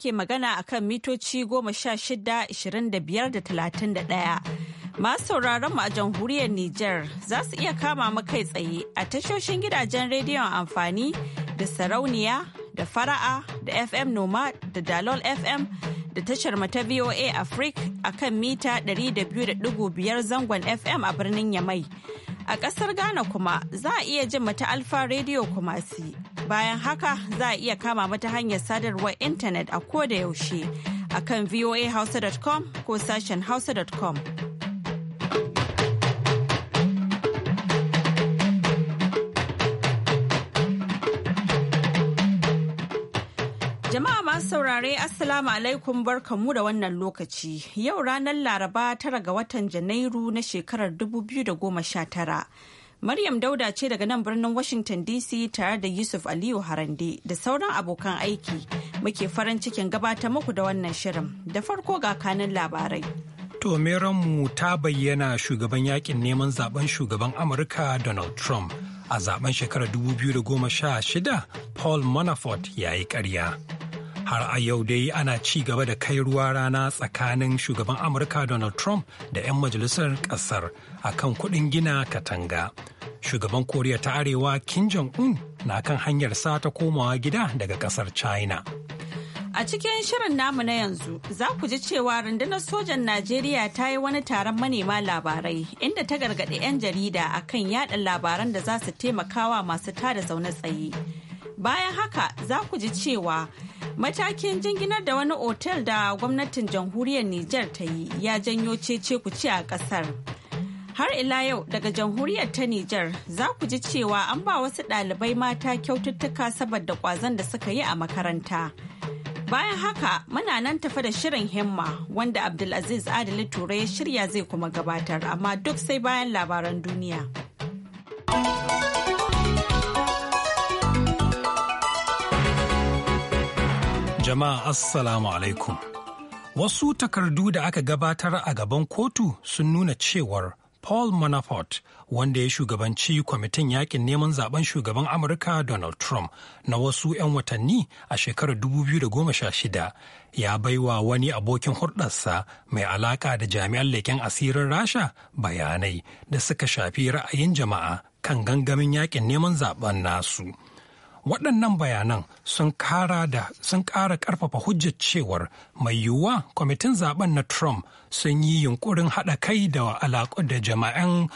ke magana a kan mitoci goma sha shida ishirin da biyar da ɗaya. Masu sauraron mu a jamhuriyar Nijar za su iya kama mu kai tsaye a tashoshin gidajen rediyon amfani da sarauniya da fara'a da FM Noma da Dalol FM da tashar ta VOA Africa a kan mita 200.5 zangon FM a birnin Yamai. A ƙasar Ghana kuma za a iya jin mata Alfa Radio Kumasi. Bayan haka za a iya kama mata hanyar sadarwar intanet a ko da yaushe a kan voahausa.com ko sashen hausa.com. Jama'a masu saurare Assalamu alaikum barkamu da wannan lokaci. Yau ranar Laraba tara ga watan Janairu na shekarar 2019. Maryam Dauda ce daga nan birnin Washington DC tare da Yusuf Aliyu Harande da sauran abokan aiki muke farin cikin gabata muku da wannan shirin. Da farko ga kanin labarai. To mu ta bayyana shugaban yakin neman zaben shugaban Amurka Donald Trump. a zaben shekarar 2016 paul manafort ya yi karya har a yau dai ana ci gaba da kai ruwa rana tsakanin shugaban amurka donald trump da 'yan majalisar kasar akan kudin gina katanga shugaban koriya ta arewa kim jong-un na kan hanyar sa ta komawa gida daga kasar china A cikin shirin namu na yanzu za ku ji cewa rundunar sojan Najeriya ta yi wani taron manema labarai inda ta gargaɗi 'yan jarida a kan yaɗa labaran da za su taimakawa masu tada zaune tsaye. Bayan haka za ku ji cewa matakin jinginar da wani otel da gwamnatin jamhuriyar Nijar ta yi ya janyo cece ku ci a ƙasar. Har ila yau daga jamhuriyar ta Nijar za ku ji cewa an ba wasu ɗalibai mata kyaututtuka saboda ƙwazon da suka yi a makaranta. Bayan haka muna nan tafa da shirin himma wanda Abdulaziz Adali Ture ya shirya zai kuma gabatar amma duk sai bayan labaran duniya. Jama'a Assalamu alaikum. Wasu takardu da aka gabatar a gaban kotu sun nuna cewar Paul Manafort wanda ya shugabanci kwamitin yakin neman zaben shugaban Amurka Donald Trump na wasu 'yan watanni a shekarar 2016 ya baiwa wani abokin hurɗarsa mai alaka da jami'an leken asirin Rasha bayanai da suka shafi ra'ayin jama'a kan gangamin yakin neman zaben nasu. waɗannan bayanan sun ƙara ƙarfafa hujjar cewar mai yiwuwa kwamitin zaben na trump sun yi yunkurin haɗa kai da alaƙa da jama'an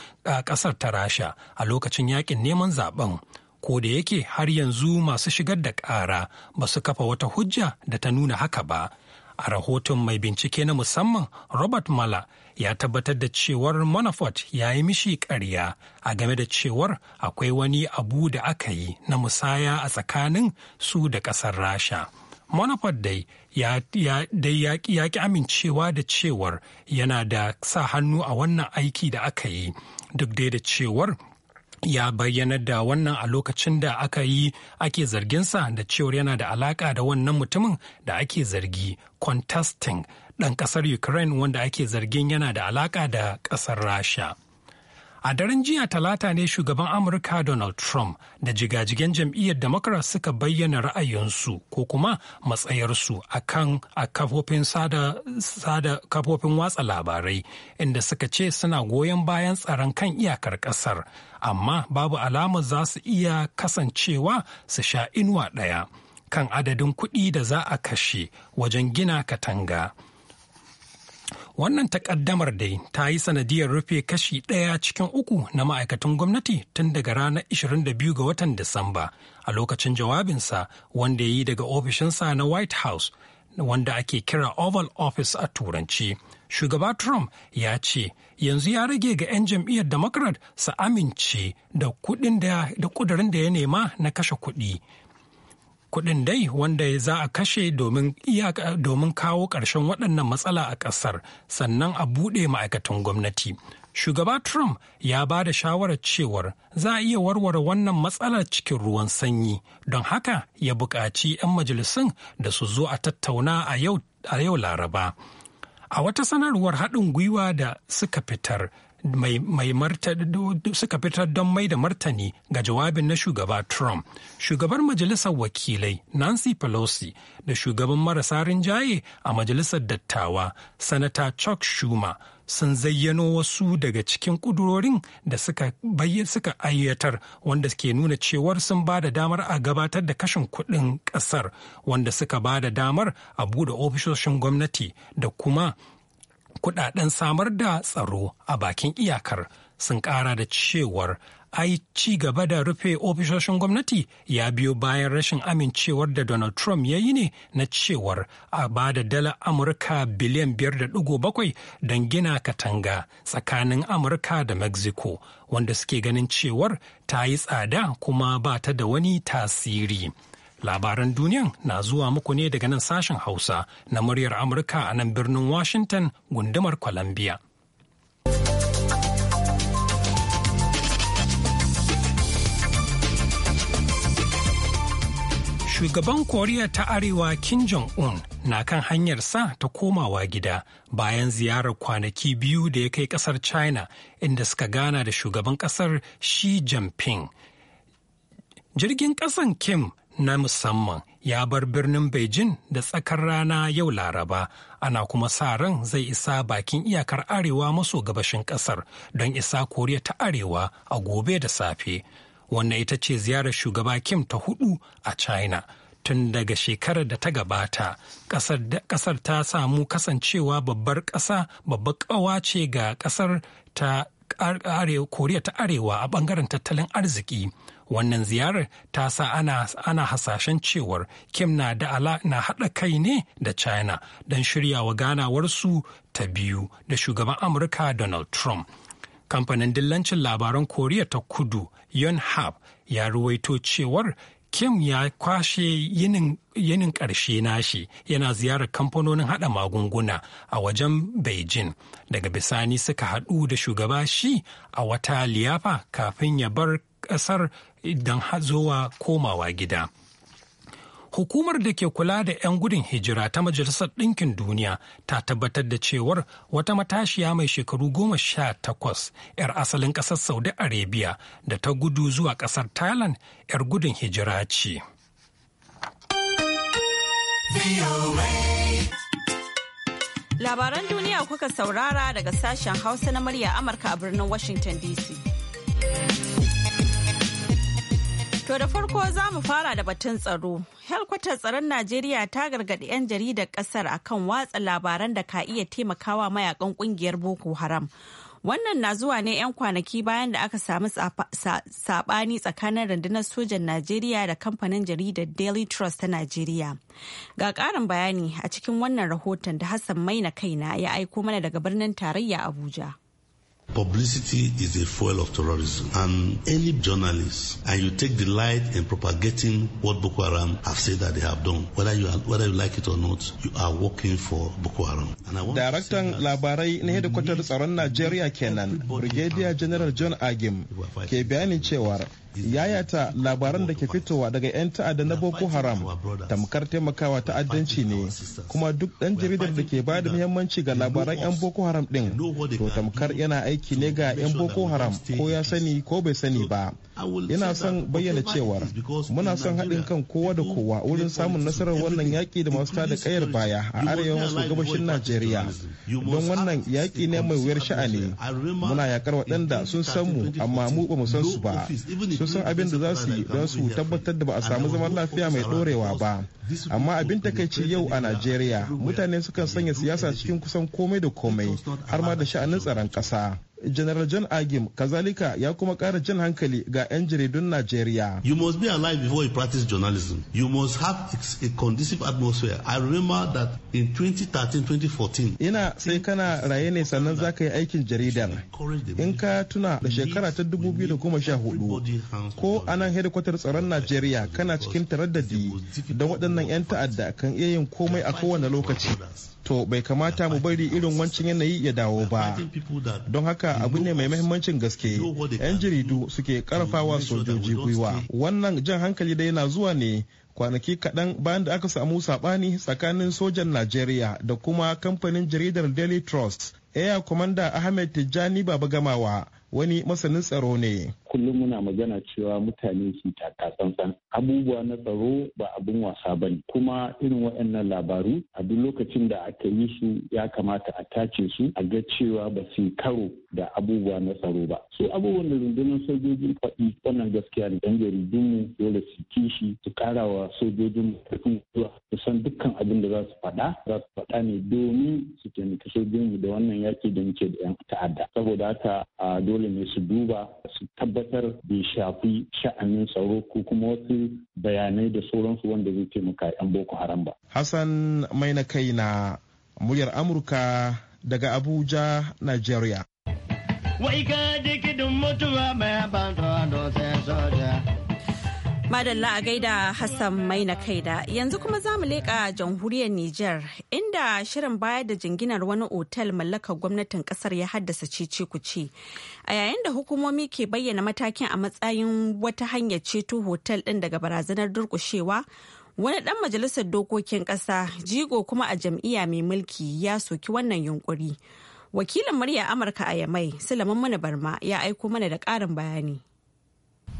ƙasar ta rasha a lokacin yakin neman zaben ko da yake har yanzu masu shigar da ƙara ba su kafa wata hujja da ta nuna haka ba a rahoton mai bincike na musamman robert mala ya tabbatar da cewar manafort ya yi mishi karya a game da cewar akwai wani abu da aka yi na musaya a tsakanin su da ƙasar rasha manafort dai ya ƙi amincewa da cewar yana da sa hannu a wannan aiki da aka yi duk dai da cewar ya bayyana da wannan a lokacin da aka yi ake zarginsa da cewar yana da alaka da wannan mutumin da ake zargi contesting ɗan ƙasar ukraine wanda ake zargin yana da alaka da ƙasar rasha A daren jiya talata ne shugaban Amurka Donald Trump da jigajigen jam'iyyar Democrat suka bayyana ra'ayinsu ko kuma matsayarsu a kan kafofin watsa labarai inda suka ce suna goyon bayan tsaron kan iyakar ƙasar amma babu alamar za su iya kasancewa su sha inuwa ɗaya kan adadin kuɗi da za a kashe wajen gina katanga. Wannan takaddamar dai ta yi sanadiyar rufe kashi ɗaya cikin uku na ma'aikatan gwamnati tun daga ranar 22 ga watan Disamba a lokacin jawabinsa wanda ya yi daga ofishinsa na White House wanda ake kira Oval Office a Turanci. Shugaba Trump ya ce yanzu ya rage ga 'yan jam'iyyar Democrat su amince da kudin da da ya nema na kashe kuɗi Kuɗin dai wanda za a kashe domin kawo ƙarshen waɗannan matsala a ƙasar sannan a buɗe ma'aikatan gwamnati. Shugaba Trump ya ba da shawarar cewar za a iya warware wannan matsalar cikin ruwan sanyi don haka ya buƙaci 'yan majalisun da su zo a tattauna a yau Laraba. A wata sanarwar haɗin gwiwa da suka fitar mai suka fitar don mai da martani ga jawabin na shugaba Trump. Shugabar Majalisar Wakilai Nancy Pelosi da shugaban marasa rinjaye a Majalisar Dattawa Sanata Chuck Schumer sun zayyano wasu daga cikin kudurorin da suka suka ayyatar wanda ke nuna cewar sun ba da damar a gabatar da kashin kuɗin ƙasar wanda suka ba da damar a buɗe ofishoshin gwamnati da kuma kudaden samar da tsaro a bakin iyakar sun kara da cewar ai ci gaba da rufe ofisoshin gwamnati ya biyo bayan rashin amincewar da Donald Trump ya yi ne na cewar a ba da dala Amurka biliyan 5.7 don gina katanga tsakanin Amurka da Mexico wanda suke ganin cewar ta yi tsada kuma ba ta da wani tasiri. Labaran duniya na zuwa muku ne daga nan sashen Hausa na muryar Amurka a nan birnin Washington gundumar Columbia. Shugaban Koriya ta Arewa Kim Jong-un na kan hanyar sa ta komawa gida bayan ziyarar kwanaki biyu da ya kai kasar China inda suka gana da shugaban kasar Xi Jinping. Jirgin kasan Kim na musamman ya bar birnin Beijing da tsakar rana yau Laraba, ana kuma sa ran zai isa bakin iyakar arewa maso gabashin kasar don isa Koriya ta Arewa a gobe da safe. Wannan ita ce ziyarar shugaba Kim ta hudu a China. Tun daga shekarar da ta gabata, kasar ta samu kasancewa babbar ƙasa babbar ƙawa ce ga kasar ta koriya ta arewa a bangaren tattalin arziki wannan ziyarar ta sa ana, ana hasashen cewar kim na da ala na haɗa kai ne da china don shirya shiryawa ganawarsu ta biyu da shugaban amurka donald trump kamfanin dillancin labaran koriya ta kudu yonhap ya ruwaito cewar Kim ya kwashe yinin ƙarshe nashi yana ziyarar kamfanonin haɗa magunguna a wajen Beijing. Daga bisani suka haɗu da shugaba shi a wata liyafa kafin ya bar ƙasar don hazowa komawa gida. Hukumar da ke kula da 'yan gudun hijira ta Majalisar Ɗinkin Duniya ta tabbatar da cewar wata matashiya mai shekaru goma sha takwas 'yar asalin ƙasar Saudi Arabia da ta gudu zuwa ƙasar Thailand 'yar gudun hijira ce. Labaran duniya kuka saurara daga sashen Hausa na murya Amurka a birnin Washington DC. To da farko za mu fara da batun tsaro. Helkwatar tsaron Najeriya ta gargaɗi 'yan jaridar ƙasar akan watsa labaran da ka iya taimakawa mayakan ƙungiyar Boko Haram. Wannan na zuwa ne 'yan kwanaki bayan da aka samu saɓani tsakanin rundunar sojan Najeriya da kamfanin jaridar Daily Trust ta Najeriya. Ga ƙarin bayani a cikin wannan rahoton da Hassan Maina kaina ya aiko mana daga birnin tarayya Abuja. Publicity is a fuel of terrorism. And any journalist, and you take light in propagating what Boko Haram have said that they have done, whether you, are, whether you like it or not, you are working for Boko Haram. Daraktan labarai na hedikwatar tsaron Najeriya kenan, Brigadier General John Agim, ke bayanin cewar yayata labaran da ke fitowa daga 'yan ta'adda na boko haram tamkar taimakawa ta'addanci ne kuma duk ɗan jaridar da ke bada muhimmanci ga labaran 'yan boko haram ɗin to tamkar yana aiki ne ga 'yan boko haram ko ya sani ko bai sani ba ina son bayyana cewar muna son haɗin kan kowa da kowa wurin samun nasarar wannan yaƙi da masu tada kayar baya a arewa maso gabashin najeriya don wannan yaƙi ne mai wuyar sha'ani muna yaƙar waɗanda sun san mu amma mu ba mu san su ba sun san abin da za su yi don su tabbatar da ba a samu zaman lafiya mai ɗorewa ba amma abin takaici yau a najeriya mutane sukan sanya siyasa cikin kusan komai da komai har ma da sha'anin tsaron ƙasa General John Agim kazalika ya kuma kara jan hankali ga 'yan jaridun Najeriya. You must be alive before you practice journalism. You must have a conducive atmosphere. I remember that in 2013-2014. Ina sai kana raye ne sannan za ka yi aikin jaridar. In ka tuna da shekara ta dubu biyu da sha hudu ko a nan hedikwatar tsaron Najeriya kana cikin taraddadi da waɗannan 'yan ta'adda kan iya yin komai a kowane lokaci. To bai kamata mu bari irin wancan yanayi ya dawo ba. Don haka abu ne mai mahimmancin gaske yan jaridu suke karfawa sojoji gwiwa wannan jan hankali da yana zuwa ne kwanaki kaɗan bayan da aka samu saɓani tsakanin sojan najeriya da kuma kamfanin jaridar daily trust air commander ahmed tijjani baba gamawa wani masanin tsaro ne kullum muna magana cewa mutane su tsantsan abubuwa na tsaro ba abin wasa ba ne kuma irin waɗannan labaru a duk lokacin da aka yi su ya kamata a tace su a ga cewa ba su karo da abubuwa na tsaro ba su abubuwan da rundunar sojojin faɗi wannan gaskiya ne dan jaridunmu dole su kishi su karawa sojojin karfin zuwa su san dukkan abin da za su faɗa za su faɗa ne domin su taimaki mu da wannan yaƙi da muke da 'yan ta'adda saboda haka dole ne su duba su tabbatar bai shafi sha'anin tsaro ko kuma wasu bayanai da sauransu wanda zai taimaka 'yan boko haram ba. Hassan mai na kai na muryar Amurka daga Abuja, Najeriya. wai ka dikidin mutuwa mai dosin soja. Madalla a gaida Hassan mai na kaida yanzu kuma za mu leƙa jamhuriyar Nijar inda shirin bayar da jinginar wani otal mallakar gwamnatin ƙasar ya haddasa ku ce, A yayin da hukumomi ke bayyana matakin a matsayin wata hanyar ceto hotel ɗin daga barazanar durƙushewa wani ɗan majalisar dokokin ƙasa jigo kuma a jam'iyya mai mulki ya soki wannan yunƙuri. Wakilin murya Amurka a Yamai, Sulaiman Mana Barma, ya aiko mana da karin bayani.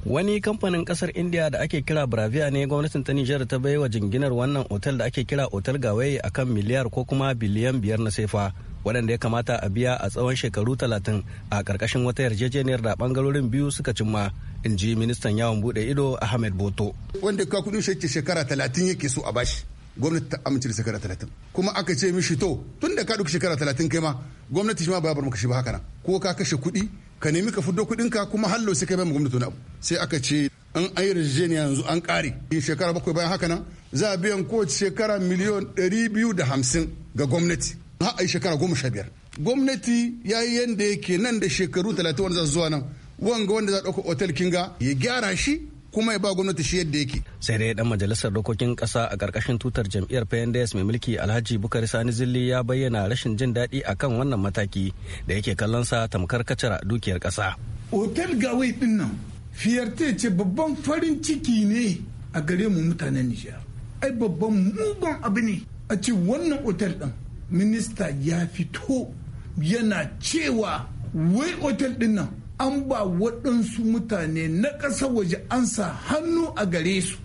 Wani kamfanin kasar India da ake kira Bravia ne gwamnatin ta Nijar ta wa jinginar wannan otal da ake kira otal gawaye a kan miliyar ko kuma biliyan biyar na sefa waɗanda ya kamata a biya a tsawon shekaru talatin a ƙarƙashin wata yarjejeniyar da ɓangarorin biyu suka cimma in ji ministan yawon buɗe ido Ahmed Boto. Wanda ka kuɗin shekara talatin yake so a bashi. gwamnati ta amince da shekara talatin kuma aka ce mishi to tun da ka duk shekara talatin kai ma gwamnati shi ma ba bar maka shi ba haka nan ko ka kashe kuɗi ka nemi ka fuddo kuɗinka kuma hallo sai kai mu gwamnati wani abu sai aka ce an ayi rijiyaniya yanzu an ƙare shekara bakwai bayan haka nan za a biyan ko shekara miliyon ɗari biyu da hamsin ga gwamnati har a yi shekara goma sha biyar gwamnati ya yi yadda yake nan da shekaru talatin wanda za su zuwa nan wanga wanda za a ɗauka otal kinga ya gyara shi kuma ya ba gwamnati shi yadda yake. Sai dai dan majalisar dokokin kasa a karkashin tutar jam'iyyar PNDS mai mulki Alhaji Bukari Sani Zilli ya bayyana rashin jin daɗi akan wannan mataki da yake kallon sa tamkar kacara dukiyar kasa. Otal Gawai din nan fiyarte ce babban farin ciki ne a gare mu mutanen Nijar. Ai babban mugun abu ne a ce wannan otal din minista ya fito yana cewa wai otal din nan an ba waɗansu mutane na ƙasa waje an sa hannu a gare su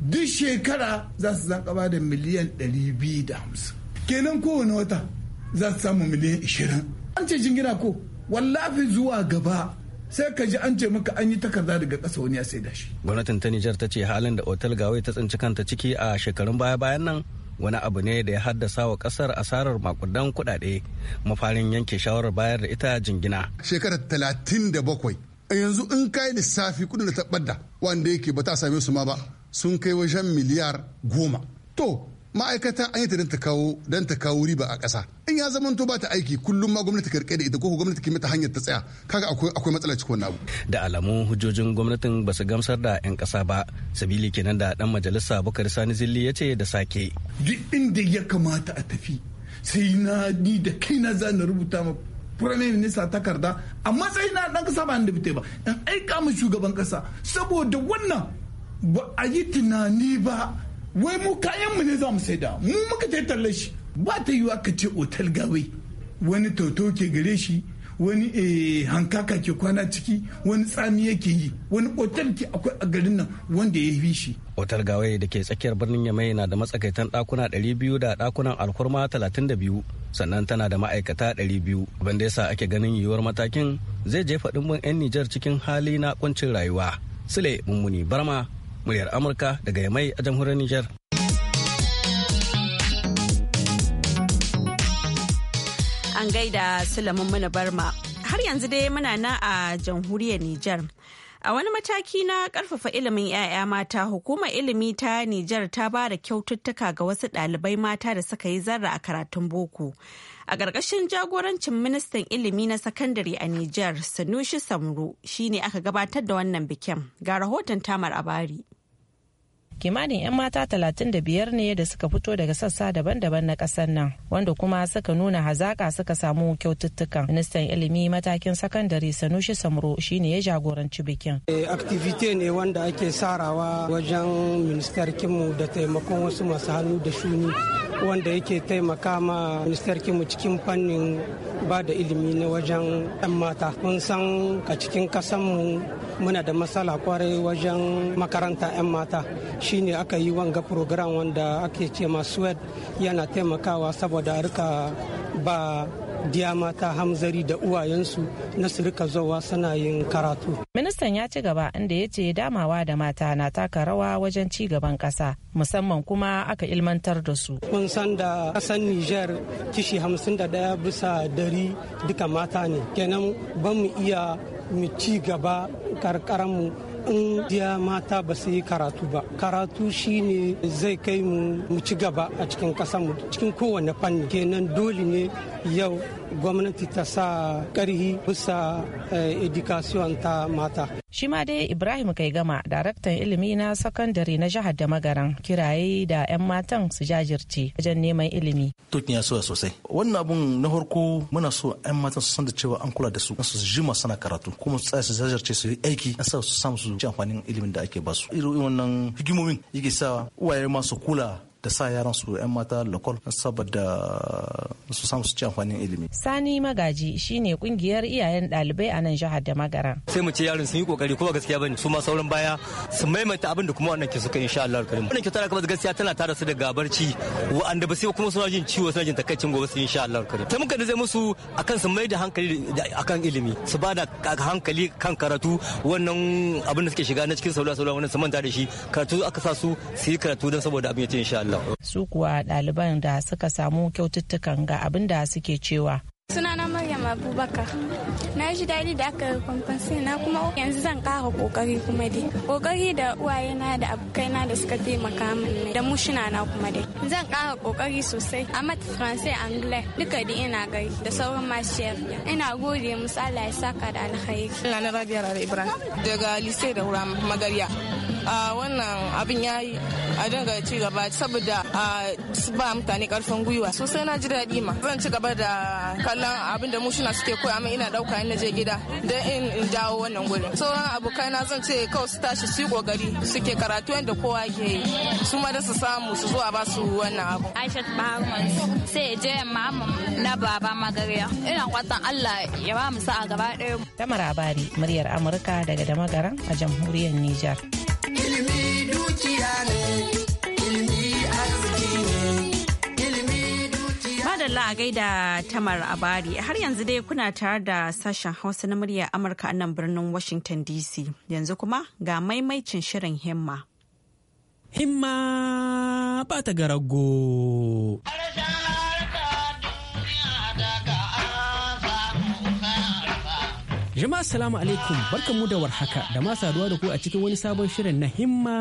duk shekara za su zaka ba da miliyan 250 kenan kowane wata za su samu miliyan 20 an ce jingina ko wallafi zuwa gaba sai ka ji an ce maka an yi takarda daga ƙasa wani ya sai da shi. Gwamnatin ta Nijar ta ce halin da otal gawai ta tsinci kanta ciki a shekarun baya-bayan nan wani abu ne da ya haddasa wa kasar asarar makudan kudade mafarin yanke shawarar bayar da ita jingina shekarar talatin da bakwai a yanzu in kai lissafi kudin da ta wanda yake ba ta same su ma ba sun kai wajen miliyar goma to ma'aikata an yi ta danta ta kawo don ta kawo riba a ƙasa in ya zama to ba ta aiki kullum ma gwamnati ka rike da ita ko gwamnati ke mata hanyar ta tsaya kaga akwai akwai matsala cikin wannan abu da alamu hujjojin gwamnatin ba su gamsar da yan ƙasa ba sabili kenan da dan majalisa Bukari Sani Zilli ya ce da sake duk inda ya kamata a tafi sai na ni da kaina za na rubuta ma firamin minista takarda a matsayina dan kasa ba da ba in aika mu shugaban kasa saboda wannan ba a yi tunani ba wai mu kayan mu ne za mu saida mu muka tattalla shi ba ta yiwa ka ce otal gawe wani toto ke gare shi wani eh, hankaka ke kwana ciki wani tsami yake yi wani otal ke akwai a garin nan wanda ya yi shi otal gawe da ke tsakiyar birnin yamai na da matsakaitan dakuna biyu da dakunan alkurma talatin da biyu sannan tana da ma'aikata ɗari 200 da yasa ake ganin yiwuwar matakin zai jefa dimbin 'yan nijar cikin hali na kuncin rayuwa sule mummuni barma muryar amurka daga yamai a jamhuriyar niger an gaida sulamin Muna barma har yanzu dai muna na a jamhuriyar niger A wani mataki na ƙarfafa ilimin 'ya'ya mata, hukumar ilimi ta Nijar ta ba da kyaututtuka ga wasu ɗalibai mata da suka yi zarra a karatun boko. A ƙarƙashin jagorancin ministan ilimi na sakandare a Nijar, Sanushi Samru, ne aka gabatar da wannan bikin. Ga rahoton Tamar Abari. kimanin 'yan mata 35 ne da suka fito daga sassa daban-daban na ƙasar nan wanda kuma suka nuna hazaka suka samu kyaututtukan ministan ilimi matakin sakandare sanushi samro shine ya jagoranci bikin eh, activity ne wanda ake sarawa wajen kimu da taimakon wasu masu hannu da shuni wanda yake taimaka ma kimu cikin fannin ba da ilimi na wajen 'yan mata mun san a cikin kasanmu muna da matsala kwarai wajen makaranta 'yan mata ne aka yi wanga program wanda ake ce ma swed yana taimakawa saboda a rika ba diya mata hamzari da uwayensu na su rika zowa suna yin karatu. Ministan ya ci gaba inda ya ce damawa da mata na taka rawa wajen ci gaban kasa musamman kuma aka ilmantar da su. kun san da ƙasan niger kishi hamsin da daya bisa dari duka mata ne. Kenan ba mu iya mu ci gaba karkaranmu in diya mata ba su yi karatu ba karatu shi ne zai kai mu ci gaba a cikin mu cikin kowane fanni kenan dole ne yau gwamnati ta sa karhi bisa eh, education ta mata shi ma dai ibrahim kai gama daraktan ilimi na sakandare na jihar da magaran kiraye da 'yan matan su jajirce wajen neman ilimi to ya so sosai wannan abun na farko muna so 'yan matan su san da cewa an kula da su su ji sana karatu kuma su tsaya su jajirce su yi aiki a sa su samu su ci amfanin ilimin da ake su. irin wannan hikimomin yake sa uwaye masu kula da sa yaran su 'yan mata lakol saboda su samu su ci amfanin ilimi. Sani Magaji shine kungiyar iyayen ɗalibai a nan jihar da magara. Sai mu ce yaran sun yi kokari kuma gaskiya bane su ma sauran baya su maimaita abin da kuma wannan ke suka insha Allah alkarim. Wannan kyautar kuma gaskiya tana tara su daga barci wa'anda ba sai kuma suna jin ciwo suna jin takaicin gobe su insha Allah alkarim. Sai muka zai musu akan su mai da hankali akan ilimi su ba da hankali kan karatu wannan abin da suke shiga na cikin sauran sauran wannan su manta da shi karatu aka sa su su yi karatu don saboda abin ya ce insha Allah. Su kuwa ɗaliban da suka samu kyaututtukan ga abin da suke cewa. Sunana Maryam Abubakar. Na ji daɗi da aka yi kwamfansi na kuma yanzu zan ƙara ƙoƙari kuma dai. Ƙoƙari da uwayena da abokaina da suka taimaka min da mushina na kuma dai. Zan ƙara ƙoƙari sosai. A mata Faransa Angila duka da ina gari da sauran masu shari'a. Ina gode musa Allah ya saka da alkhairi. na Ibrahim daga Lise da Wura magarya. wannan abin ya yi a dinga ci gaba saboda su ba mutane karfin gwiwa sosai na ji daɗi ma zan ci gaba da kallon abin da mushina suke koya min ina ɗauka ina je gida don in dawo wannan gurin sauran na zan ce kawai su tashi su yi kokari suke karatu yadda kowa ke yi su ma da su samu su zuwa ba su wannan abu aisha bahar sai je mamu na baba magariya ina kwatan allah ya ba mu sa'a gaba ɗaya tamar abari muryar amurka daga damagaran a jamhuriyar nijar a gaida Tamar Abari har yanzu dai kuna tare da sashen Hausa na murya Amurka a nan birnin Washington DC yanzu kuma ga maimaicin shirin himma. Himma ba ta garago. Jama'a assalamu alaikum barkanmu da warhaka da ma saduwa da ku a cikin wani sabon shirin na himma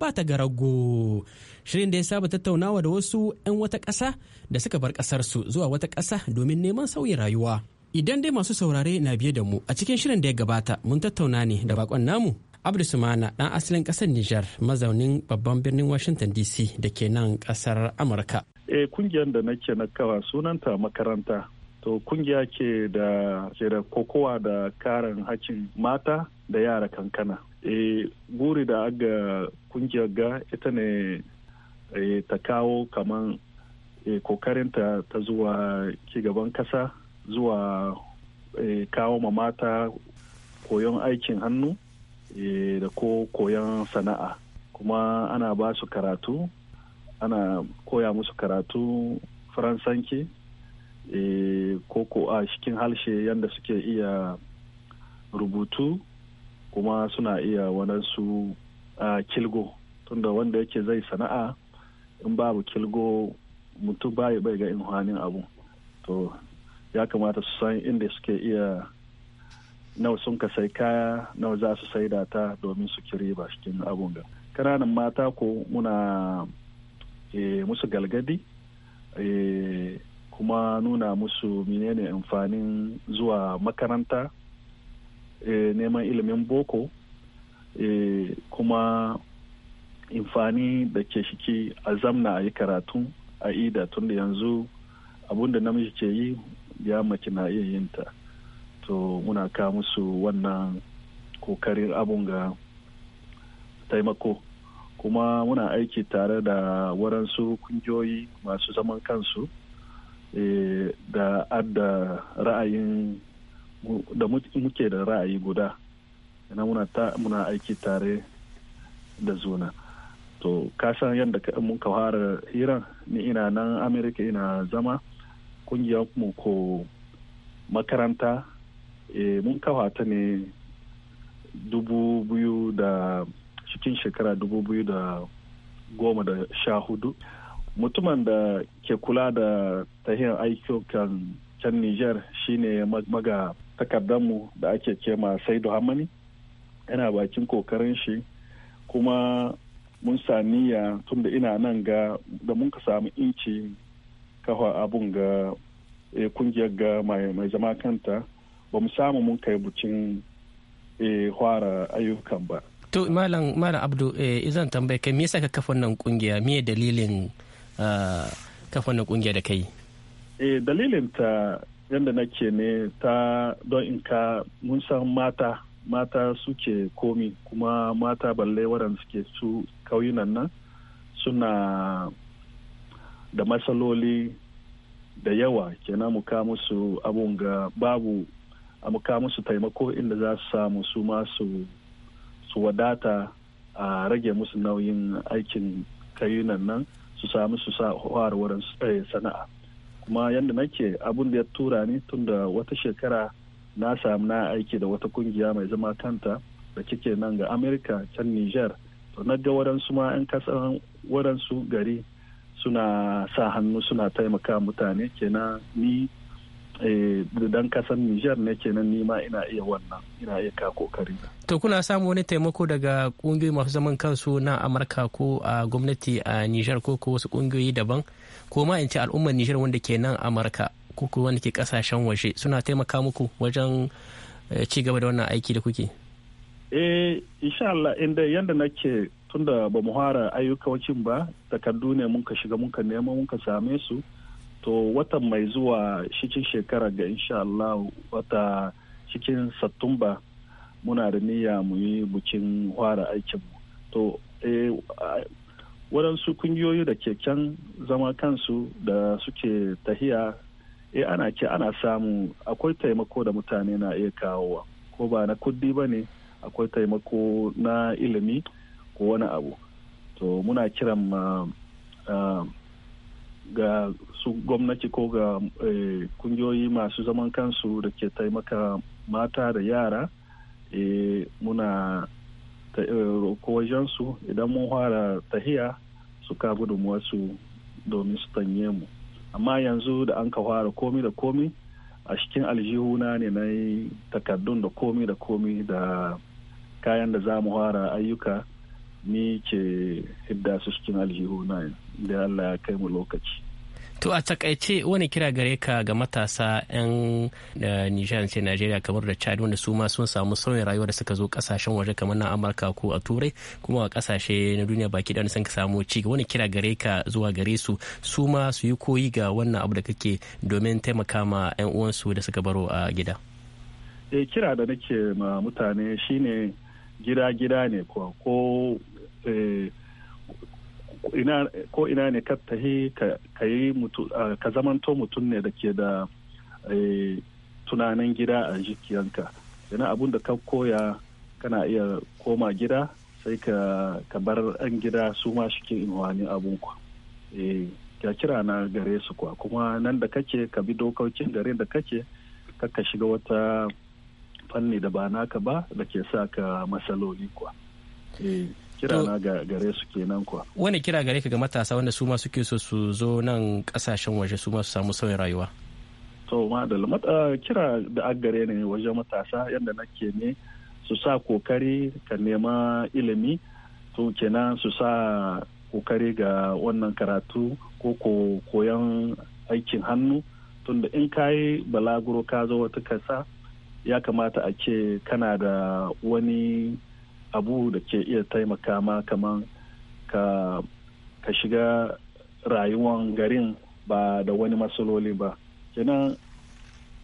ba ta garago. Shirin da ya saba tattaunawa da wasu 'yan wata ƙasa da suka bar ƙasarsu zuwa wata ƙasa domin neman sauyi rayuwa. Idan dai masu saurare na biye da mu a cikin shirin da ya gabata mun tattauna ne da bakon namu Abdu Sumana ɗan asalin ƙasar Nijar mazaunin babban birnin Washington DC da ke nan ƙasar Amurka. Eh kungiyar da nake na kawa sunanta makaranta to kungiya ke da ke da kokowa da karin hakkin mata da yara kankana e buri da aga kungiyar ga ita ne e, ta kawo kaman e, kokarinta ta zuwa gaban kasa zuwa e, kawo ma mata koyon aikin hannu e, da ko koyon sana'a kuma ana ba su karatu ana koya musu karatu faransanki. koko eh, a cikin harshe yadda suke iya rubutu kuma suna iya waɗansu kilgo tunda wanda yake zai sana'a in babu kilgo mutum bai bai ga inhanin abu to ya kamata su san inda suke iya nawa sun ka sai kaya nawa za su saida ta domin su kiri ba cikin abun ga kananan mata ko muna eh, musu galgadi eh, kuma nuna musu menene amfanin zuwa makaranta e neman ilimin boko eh, kuma amfani da ke shiki a zamna a yi karatu a ida tun da yanzu abinda namiji ke yi ya mace na iya yinta to muna ka musu wannan kokarin abun ga taimako kuma muna aiki tare da waransu kungiyoyi masu zaman kansu Eh, da adda ra'ayin da muke da ra'ayi guda na muna aiki tare da zuna to kasan yadda mun ka fara hiran ni ina nan amerika ina zama kungiyar mu ko makaranta eh, mun kawata ne dubu biyu da cikin shekara dubu biyu da goma da sha hudu mutumin da ke kula da tahiyan aikokan can nijar shine maga takardarmu da ake ce ma saidu hamani yana bakin kokarin shi kuma mun saniya tun da ina nan ga da mun ka samu inci kafa abun ga eh, kungiyar ga mai zama kanta ba mu samu mun kai bucin eh, fara ayyukan ba to malam malam abdu izan eh, tambaye kai me yasa ka kafa wannan kungiya me dalilin kafa wannan kungiya da kai eh dalilin ta yadda nake ne ta don in ka mun san mata mata suke komi kuma mata balle waɗanda suke su kauyunan nan suna da matsaloli da yawa kenan mu ka musu abun ga babu a mu musu taimako inda za su samu su masu su wadata a rage musu nauyin aikin kayunan nan su sami su sa warwarin eh, sana'a kuma yadda nake abun da ya tura ni tun da wata shekara na samu na aiki da wata kungiya mai zama kanta da kike nan ga amerika can niger to na ga waransu ma 'yan kasan wadansu gari suna sa hannu suna taimaka mutane kenan ni Eh, dan kasan Nijar ne kenan nima ina iya wannan ina iya ka kokari to kuna samu wani taimako daga kungiyoyi masu zaman kansu na Amurka ko a gwamnati a Nijar ko ko wasu kungiyoyi daban ko ma in ce al'ummar Nijar wanda ke nan Amurka ko ko wanda ke kasashen waje suna taimaka muku wajen eh, ci gaba da wannan aiki da kuke eh insha Allah inda yanda nake tunda bamu mu fara ayyukan ba takardu ne mun ka shiga mun ka nemo mun ka same su to watan mai zuwa cikin shekara ga insha Allah wata cikin satumba muna da niyya mu yi bukin fara mu to eh, waɗansu kungiyoyi da ke can zama kansu da suke tahiya e ana ce ana samu akwai taimako da mutane na iya kawowa ko ba na kuddi ba ne akwai taimako na ilimi ko wani abu to muna kiran ma ah, ga su gwamnati ko ga eh, kungiyoyi masu zaman kansu da ke taimaka mata da yara eh, muna eh, roko su idan mun fara tahiya su ka wasu domin su tanye mu amma yanzu da an ka fara komi da komi a cikin aljihuna ne na takardun da komi da komi da kayan da za mu fara ayyuka ni ke hidda su cikin na. da Allah ya kai mu lokaci. To a takaice wani kira gare ka ga matasa 'yan da Nijar ce Najeriya kamar da Chad wanda su ma sun samu sauyin rayuwa da suka zo kasashen waje kamar na Amurka ko a Turai kuma a kasashe na duniya baki da sun ka samu ci wani kira gare ka zuwa gare su su ma su yi koyi ga wannan abu da kake domin taimaka ma 'yan uwansu da suka baro a gida. Eh kira da nake ma mutane shine gida gida ne ko ko ina ne ka tahi ka yi ka zamanto mutum ne da ke da e, tunanin gida a jikiyanka yana abun da ka koya kana iya koma gida sai ka bar an gida su ma shi ke wani abun ku ya e, kira na gare su kuwa kuma nan da kake ka bi dokokin gare da kake ka shiga wata fanni da ba naka ba da ke sa ka matsaloli kuwa e, kira na ga gare su kenan kuwa wani kira gare ka ga matasa wanda su ma suke so su zo nan kasashen waje su ma su samu sauyin rayuwa to madal eh, kira da gare ne waje matasa yadda nake ne su sa kokari ka nema ilimi to kenan su sa kokari ga wannan karatu ko ko koyan aikin hannu tunda in kayi balaguro ka zo wata kasa ya kamata a ce kana da wani abu da ke iya taimaka ma kamar ka, shiga rayuwan garin ba da wani matsaloli ba kenan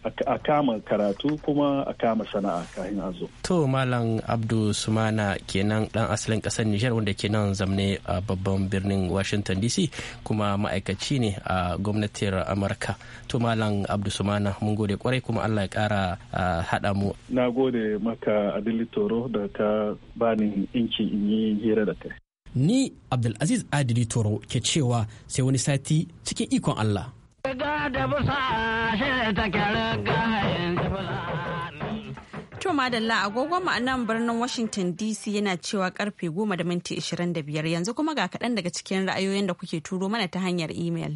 a kama karatu kuma a kama sana'a kayan azo. To Malam Abdu Sumana kenan dan asalin kasar Nijar wanda ke nan zamne a babban birnin Washington DC kuma ma'aikaci ne a gwamnatin Amurka. To Malam Abdu Sumana mun gode kwarai kuma Allah ya kara haɗa mu. Na gode maka Adili Toro da ka bani inci in yi hira da kai. Ni Abdulaziz Adili Toro ke cewa sai wani sati cikin ikon Allah. To madalla agogon la a nan birnin Washington DC yana cewa karfe 10 da minti 25 yanzu kuma ga kaɗan daga cikin ra'ayoyin da kuke turo mana ta hanyar imel.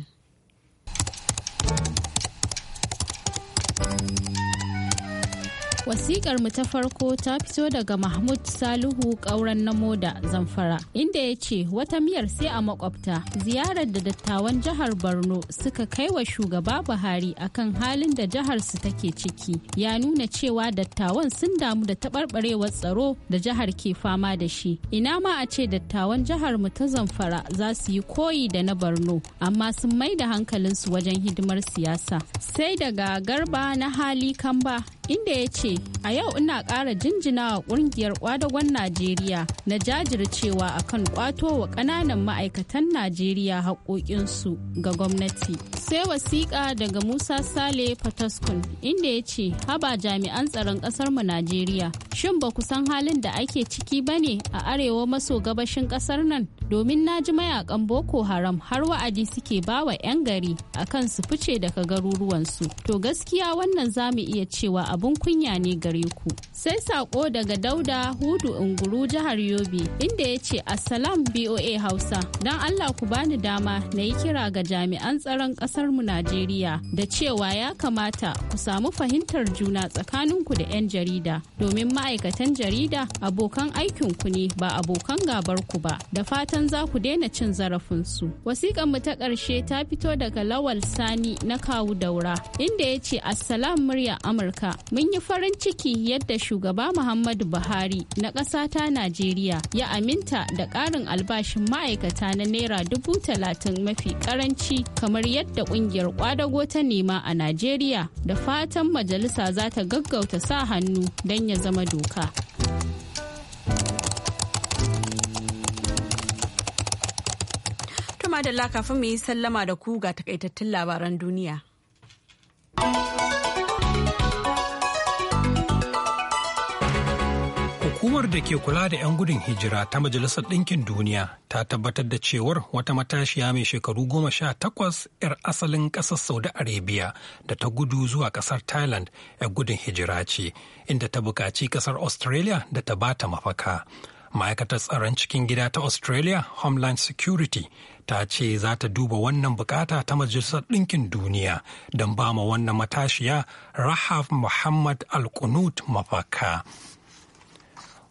Wasikar mu ta farko ta fito daga Mahmud Salihu ƙauren na Moda Zamfara, inda ya ce wata miyar sai a makwabta ziyarar da dattawan jihar Borno suka kai wa shugaba Buhari akan halin da jihar su take ciki. Ya nuna cewa dattawan sun damu da taɓarɓarewar tsaro da jihar ke fama da shi. Ina ma a ce dattawan jihar mu ta Zamfara za su yi koyi da na Borno, amma sun mai da hankalinsu wajen hidimar siyasa. Sai daga Garba na hali Kamba inda ya ce a yau ina ƙara jinjina wa ƙungiyar kwadagon najeriya na jajircewa akan kwato wa ƙananan ma'aikatan najeriya haƙoƙinsu ga gwamnati sai wasiƙa daga musa sale fataskun inda ya ce haba jami'an tsaron ƙasarmu najeriya shin ba ku san halin da ake ciki ba ne a arewa maso gabashin ƙasar nan domin na ji mayakan boko haram har wa'adi suke bawa 'yan gari akan su fice daga garuruwansu to gaskiya wannan za mu iya cewa abun kunya ne gare ku. Sai sako daga Dauda Hudu Unguru jihar Yobe inda ya ce Assalam BOA Hausa don Allah ku bani dama na yi kira ga jami'an tsaron ƙasar mu Najeriya da cewa ya kamata ku samu fahimtar juna tsakanin ku da 'yan jarida domin ma'aikatan jarida abokan aikin ku ne ba abokan gabar ku ba da fatan za ku daina cin zarafin su Wasiƙan mu ta ƙarshe ta fito daga Lawal Sani na kawu daura inda ya ce Assalam murya Amurka Mun yi farin ciki yadda shugaba Muhammadu Buhari na ƙasa ta Najeriya ya aminta da ƙarin albashin ma'aikata na Naira dubu talatin mafi ƙaranci kamar yadda ƙungiyar ƙwadago ta nema a Najeriya da fatan majalisa za ta gaggauta sa hannu don ya zama doka. Tuma da kafin mu yi sallama da kuga ga takaitattun labaran duniya. Hukumar da ke kula da 'yan gudun hijira ta Majalisar Ɗinkin Duniya ta tabbatar da cewar wata matashiya mai shekaru goma sha takwas 'yar asalin ƙasar Saudi Arabia da ta gudu zuwa ƙasar Thailand 'yar gudun hijira ce, inda ta buƙaci ƙasar Australia da ta ba ta mafaka. ma'aikatar tsaron cikin gida ta australia homeland security ta ce za ta duba wannan bukata ta majalisar ɗinkin duniya don ba ma wannan matashiya rahaf muhammad alkunut mafaka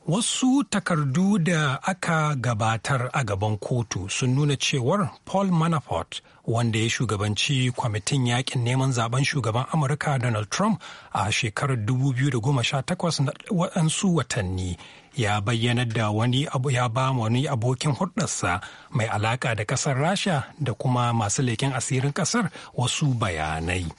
Wasu takardu da aka gabatar a gaban kotu sun nuna cewar Paul Manafort wanda ya shugabanci kwamitin yakin neman zaben shugaban Amurka Donald Trump a shekarar 2018 na waɗansu watanni ya bayyanar da wani abu ya ba wani abokin hulɗarsa mai alaƙa da ƙasar Rasha da kuma masu leƙen asirin ƙasar wasu bayanai.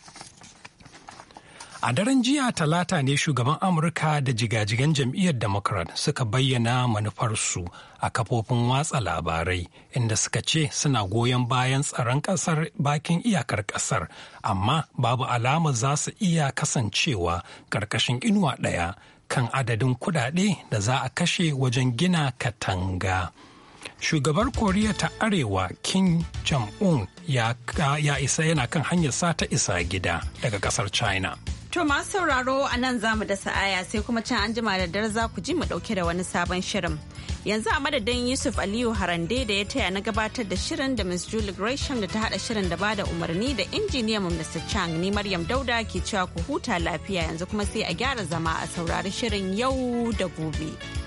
A daren jiya talata ne shugaban Amurka da jigajigan jam'iyyar Democrat suka bayyana manufarsu a kafofin watsa labarai inda suka ce suna goyon bayan tsaron ƙasar bakin iyakar ƙasar amma babu alama za su iya kasancewa ƙarƙashin inuwa ɗaya kan adadin kuɗaɗe da za a kashe wajen gina katanga. shugabar koriya ta arewa kim jong-un ya, ya isa yana kan hanyar sa ta isa gida daga kasar china To masu sauraro a nan zamu mu da sa'aya sai kuma can an jima da dare za ku ji mu dauke da wani sabon shirin. Yanzu a madadin Yusuf Aliyu Harande da ya taya na gabatar da shirin da Miss Julie Gresham da ta hada shirin da bada umarni da injiniyan mu Mr. Chang ni Maryam Dauda ke cewa ku huta lafiya yanzu kuma sai a gyara zama a saurari shirin yau da gobe.